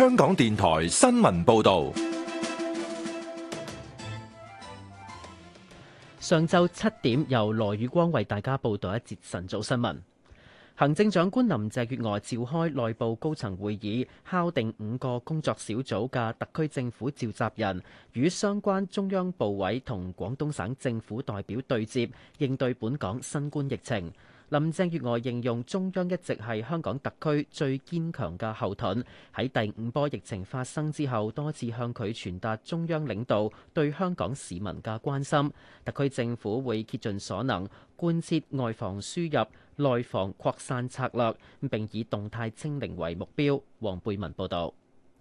香港電台新聞報道，上晝七點由羅宇光為大家報道一節晨早新聞。行政長官林鄭月娥召開內部高層會議，敲定五個工作小組嘅特區政府召集人與相關中央部委同廣東省政府代表對接，應對本港新冠疫情。林鄭月娥形容中央一直係香港特區最堅強嘅後盾，喺第五波疫情發生之後，多次向佢傳達中央領導對香港市民嘅關心。特區政府會竭盡所能貫徹外防輸入、內防擴散策略，並以動態清零為目標。黃貝文報導。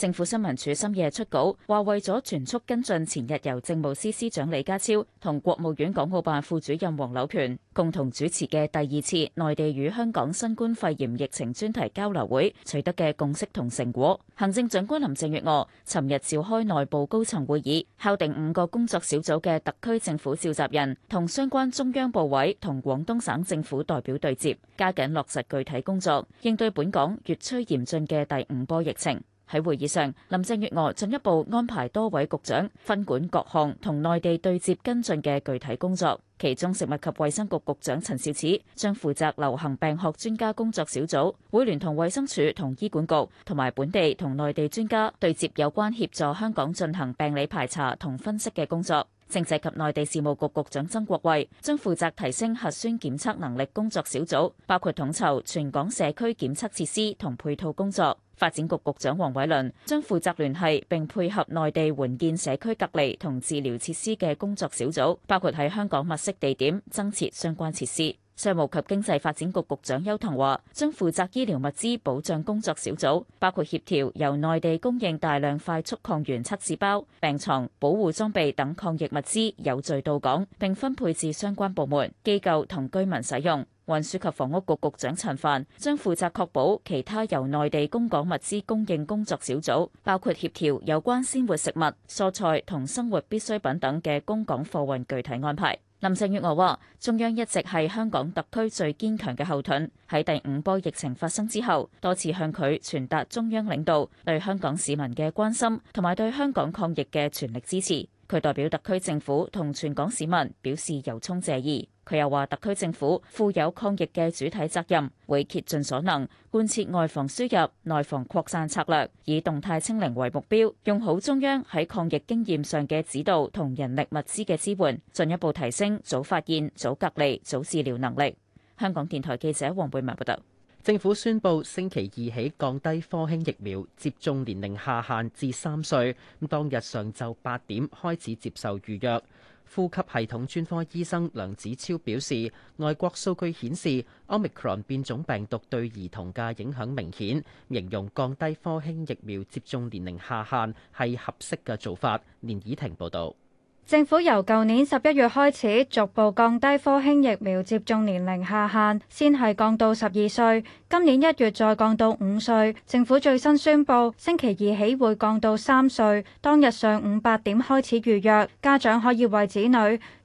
政府新聞處深夜出稿，話為咗全速跟進前日由政務司司長李家超同國務院港澳辦副主任黃柳權共同主持嘅第二次內地與香港新冠肺炎疫情專題交流會取得嘅共識同成果。行政長官林鄭月娥尋日召開內部高層會議，敲定五個工作小組嘅特區政府召集人同相關中央部委同廣東省政府代表對接，加緊落實具體工作，應對本港越趨嚴峻嘅第五波疫情。喺會議上，林鄭月娥進一步安排多位局長分管各項同內地對接跟進嘅具體工作。其中，食物及衛生局局長陳肇始將負責流行病學專家工作小組，會聯同衛生署、同醫管局同埋本地同內地專家對接有關協助香港進行病理排查同分析嘅工作。政制及內地事務局局長曾國衛將負責提升核酸檢測能力工作小組，包括統籌全港社區檢測設施同配套工作。發展局局長黃偉綸將負責聯繫並配合內地援建社區隔離同治療設施嘅工作小組，包括喺香港物色地點，增設相關設施。商務及經濟發展局局長邱騰華將負責醫療物資保障工作小組，包括協調由內地供應大量快速抗原測試包、病床、保護裝備等抗疫物資有序到港，並分配至相關部門、機構同居民使用。運輸及房屋局局長陳帆將負責確保其他由內地供港物資供應工作小組，包括協調有關鮮活食物、蔬菜同生活必需品等嘅供港貨運具體安排。林鄭月娥話：中央一直係香港特區最堅強嘅後盾，喺第五波疫情發生之後，多次向佢傳達中央領導對香港市民嘅關心同埋對香港抗疫嘅全力支持。佢代表特區政府同全港市民表示由衷謝意。佢又話，特區政府負有抗疫嘅主體責任，會竭盡所能貫徹外防輸入、內防擴散策略，以動態清零為目標，用好中央喺抗疫經驗上嘅指導同人力物資嘅支援，進一步提升早發現、早隔離、早治療能力。香港電台記者黃貝文報道。政府宣佈星期二起降低科興疫苗接種年齡下限至三歲，當日上晝八點開始接受預約。呼吸系統專科醫生梁子超表示，外國數據顯示 omicron 變種病毒對兒童嘅影響明顯，形容降低科興疫苗接種年齡下限係合適嘅做法。連倚婷報道。政府由舊年十一月開始逐步降低科興疫苗接種年齡下限，先係降到十二歲，今年一月再降到五歲。政府最新宣佈，星期二起會降到三歲。當日上午八點開始預約，家長可以為子女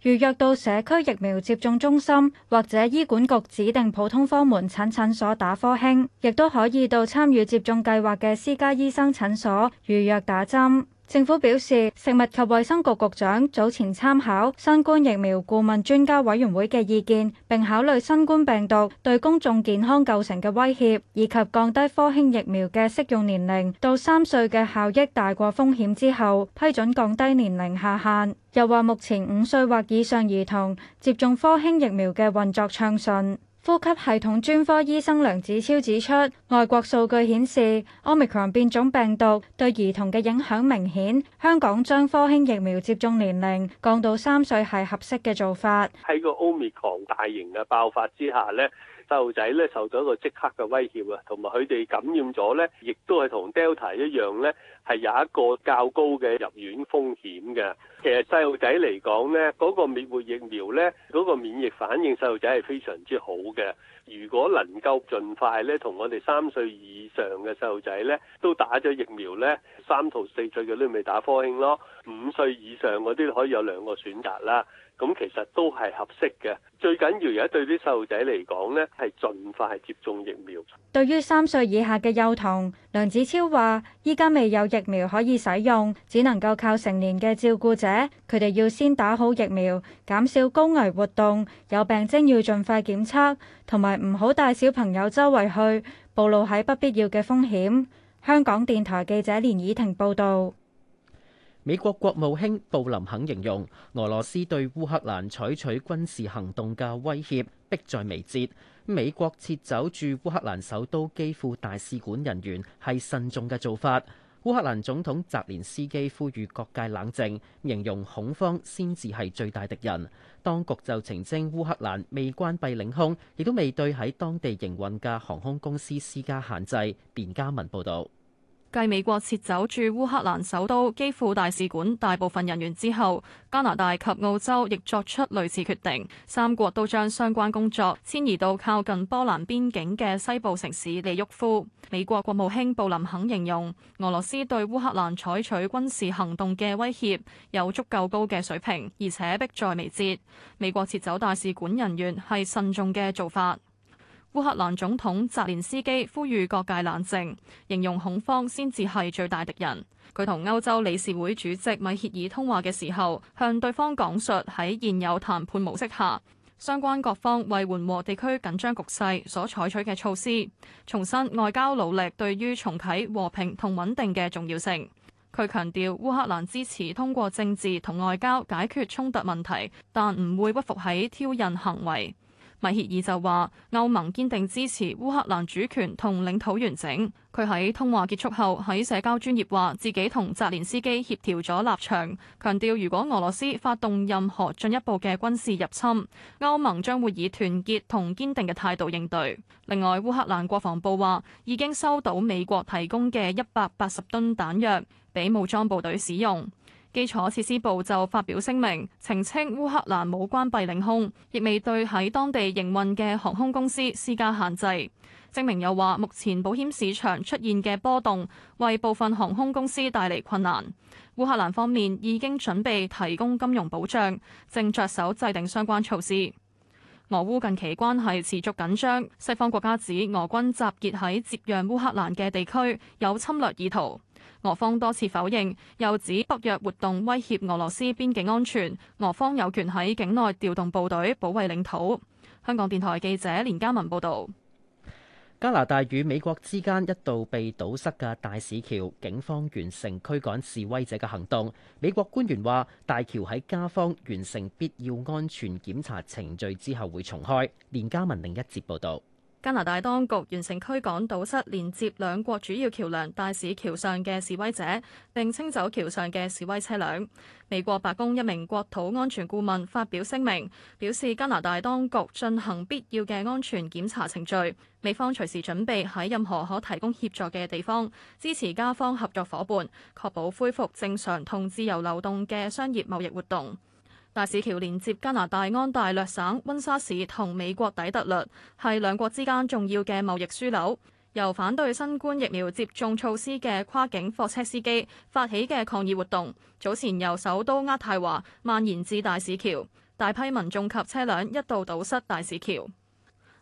預約到社區疫苗接種中心或者醫管局指定普通科門診診所打科興，亦都可以到參與接種計劃嘅私家醫生診所預約打針。政府表示，食物及衛生局局長早前參考新冠疫苗顧問專家委員會嘅意見，並考慮新冠病毒對公眾健康構成嘅威脅，以及降低科興疫苗嘅適用年齡到三歲嘅效益大過風險之後，批准降低年齡下限，又話目前五歲或以上兒童接種科興疫苗嘅運作暢順。呼吸系統專科醫生梁子超指出，外國數據顯示，Omicron 變種病毒對兒童嘅影響明顯。香港將科興疫苗接種年齡降到三歲係合適嘅做法。喺個 Omicron 大型嘅爆發之下咧，細路仔咧受咗一個即刻嘅威脅啊，同埋佢哋感染咗咧，亦都係同 Delta 一樣咧，係有一個較高嘅入院風險嘅。其實細路仔嚟講咧，嗰個滅活疫苗咧，嗰個免疫反應細路仔係非常之好嘅。如果能夠盡快咧，同我哋三歲以上嘅細路仔咧都打咗疫苗咧，三到四歲嘅都未打科興咯，五歲以上嗰啲可以有兩個選擇啦，咁其實都係合適嘅。最緊要而家對啲細路仔嚟講咧，係盡快接種疫苗。對於三歲以下嘅幼童，梁子超話依家未有疫苗可以使用，只能夠靠成年嘅照顧者，佢哋要先打好疫苗，減少高危活動，有病徵要盡快檢測同埋。唔好帶小朋友周圍去，暴露喺不必要嘅風險。香港電台記者連以婷報道。美國國務卿布林肯形容俄羅斯對烏克蘭採取軍事行動嘅威脅迫在眉睫。美國撤走駐烏克蘭首都基輔大使館人員係慎重嘅做法。烏克蘭總統澤連斯基呼籲各界冷靜，形容恐慌先至係最大敵人。當局就澄清烏克蘭未關閉領空，亦都未對喺當地營運嘅航空公司施加限制。邊家文報道。繼美國撤走駐烏克蘭首都基輔大使館大部分人員之後，加拿大及澳洲亦作出類似決定，三國都將相關工作遷移到靠近波蘭邊境嘅西部城市利沃夫。美國國務卿布林肯形容，俄羅斯對烏克蘭採取軍事行動嘅威脅有足夠高嘅水平，而且迫在眉睫。美國撤走大使館人員係慎重嘅做法。烏克蘭總統澤連斯基呼籲各界冷靜，形容恐慌先至係最大敵人。佢同歐洲理事會主席米歇爾通話嘅時候，向對方講述喺現有談判模式下，相關各方為緩和地區緊張局勢所採取嘅措施，重申外交努力對於重啟和平同穩定嘅重要性。佢強調烏克蘭支持通過政治同外交解決衝突問題，但唔會屈服喺挑釁行為。米歇爾就話：歐盟堅定支持烏克蘭主權同領土完整。佢喺通話結束後喺社交專業話，自己同澤連斯基協調咗立場，強調如果俄羅斯發動任何進一步嘅軍事入侵，歐盟將會以團結同堅定嘅態度應對。另外，烏克蘭國防部話已經收到美國提供嘅一百八十噸彈藥，俾武裝部隊使用。基礎設施部就發表聲明澄清，烏克蘭冇關閉領空，亦未對喺當地營運嘅航空公司施加限制。證明又話，目前保險市場出現嘅波動為部分航空公司帶嚟困難。烏克蘭方面已經準備提供金融保障，正着手制定相關措施。俄烏近期關係持續緊張，西方國家指俄軍集結喺接壤烏克蘭嘅地區有侵略意圖，俄方多次否認，又指北約活動威脅俄羅斯邊境安全，俄方有權喺境內調動部隊保衛領土。香港電台記者連嘉文報導。加拿大與美國之間一度被堵塞嘅大使橋，警方完成驅趕示威者嘅行動。美國官員話，大橋喺加方完成必要安全檢查程序之後會重開。連家文另一節報導。加拿大當局完成驅趕堵塞連接兩國主要橋梁大使橋上嘅示威者，並清走橋上嘅示威車輛。美國白宮一名國土安全顧問發表聲明，表示加拿大當局進行必要嘅安全檢查程序，美方隨時準備喺任何可提供協助嘅地方，支持加方合作夥伴，確保恢復正常同自由流動嘅商業貿易活動。大使橋連接加拿大安大略省溫莎市同美國底特律，係兩國之間重要嘅貿易樞紐。由反對新冠疫苗接種措施嘅跨境貨車司機發起嘅抗議活動，早前由首都渥太華蔓延至大使橋，大批民眾及車輛一度堵塞大使橋。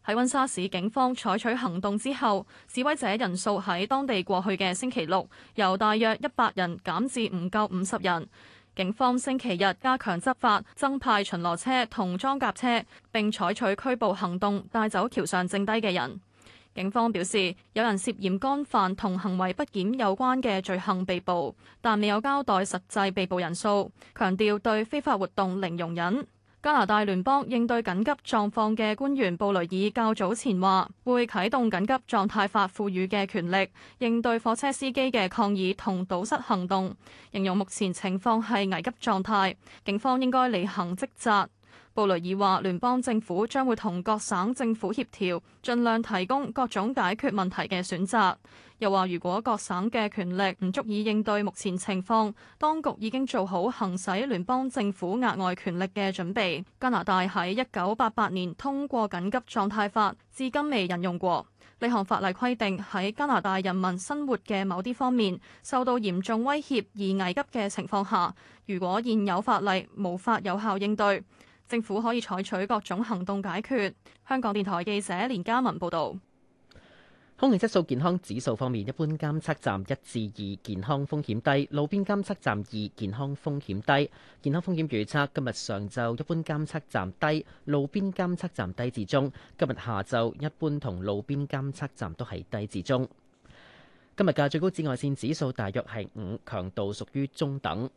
喺溫莎市警方採取行動之後，示威者人數喺當地過去嘅星期六由大約一百人減至唔夠五十人。警方星期日加強執法，增派巡邏車同裝甲車，並採取拘捕行動，帶走橋上剩低嘅人。警方表示，有人涉嫌干犯同行為不檢有關嘅罪行被捕，但未有交代實際被捕人數，強調對非法活動零容忍。加拿大聯邦應對緊急狀況嘅官員布雷爾較早前話，會啟動緊急狀態法賦予嘅權力，應對貨車司機嘅抗議同堵塞行動，形容目前情況係危急狀態，警方應該履行職責。布雷爾話，聯邦政府將會同各省政府協調，盡量提供各種解決問題嘅選擇。又話，如果各省嘅權力唔足以應對目前情況，當局已經做好行使聯邦政府額外權力嘅準備。加拿大喺一九八八年通過緊急狀態法，至今未引用過呢項法例，規定喺加拿大人民生活嘅某啲方面受到嚴重威脅而危急嘅情況下，如果現有法例無法有效應對，政府可以採取各種行動解決。香港電台記者連嘉文報道。空氣質素健康指數方面，一般監測站一至二，健康風險低；路邊監測站二，健康風險低。健康風險預測，今日上晝一般監測站低，路邊監測站低至中。今日下晝一般同路邊監測站都係低至中。今日嘅最高紫外線指數大約係五，強度屬於中等。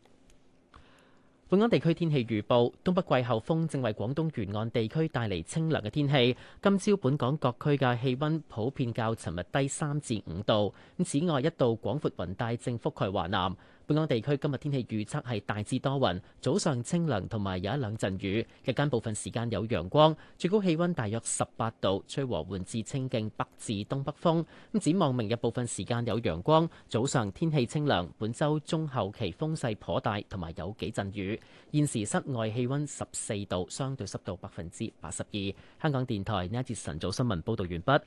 本港地區天氣預報，東北季候風正為廣東沿岸地區帶嚟清涼嘅天氣。今朝本港各區嘅氣温普遍較尋日低三至五度。咁此外，一道廣闊雲帶正覆蓋華南。本港地區今日天氣預測係大致多雲，早上清涼，同埋有一兩陣雨，日間部分時間有陽光，最高氣温大約十八度，吹和緩至清勁北至東北風。展望明日部分時間有陽光，早上天氣清涼。本週中後期風勢頗大，同埋有幾陣雨。現時室外氣温十四度，相對濕度百分之八十二。香港電台呢一節晨早新聞報道完畢。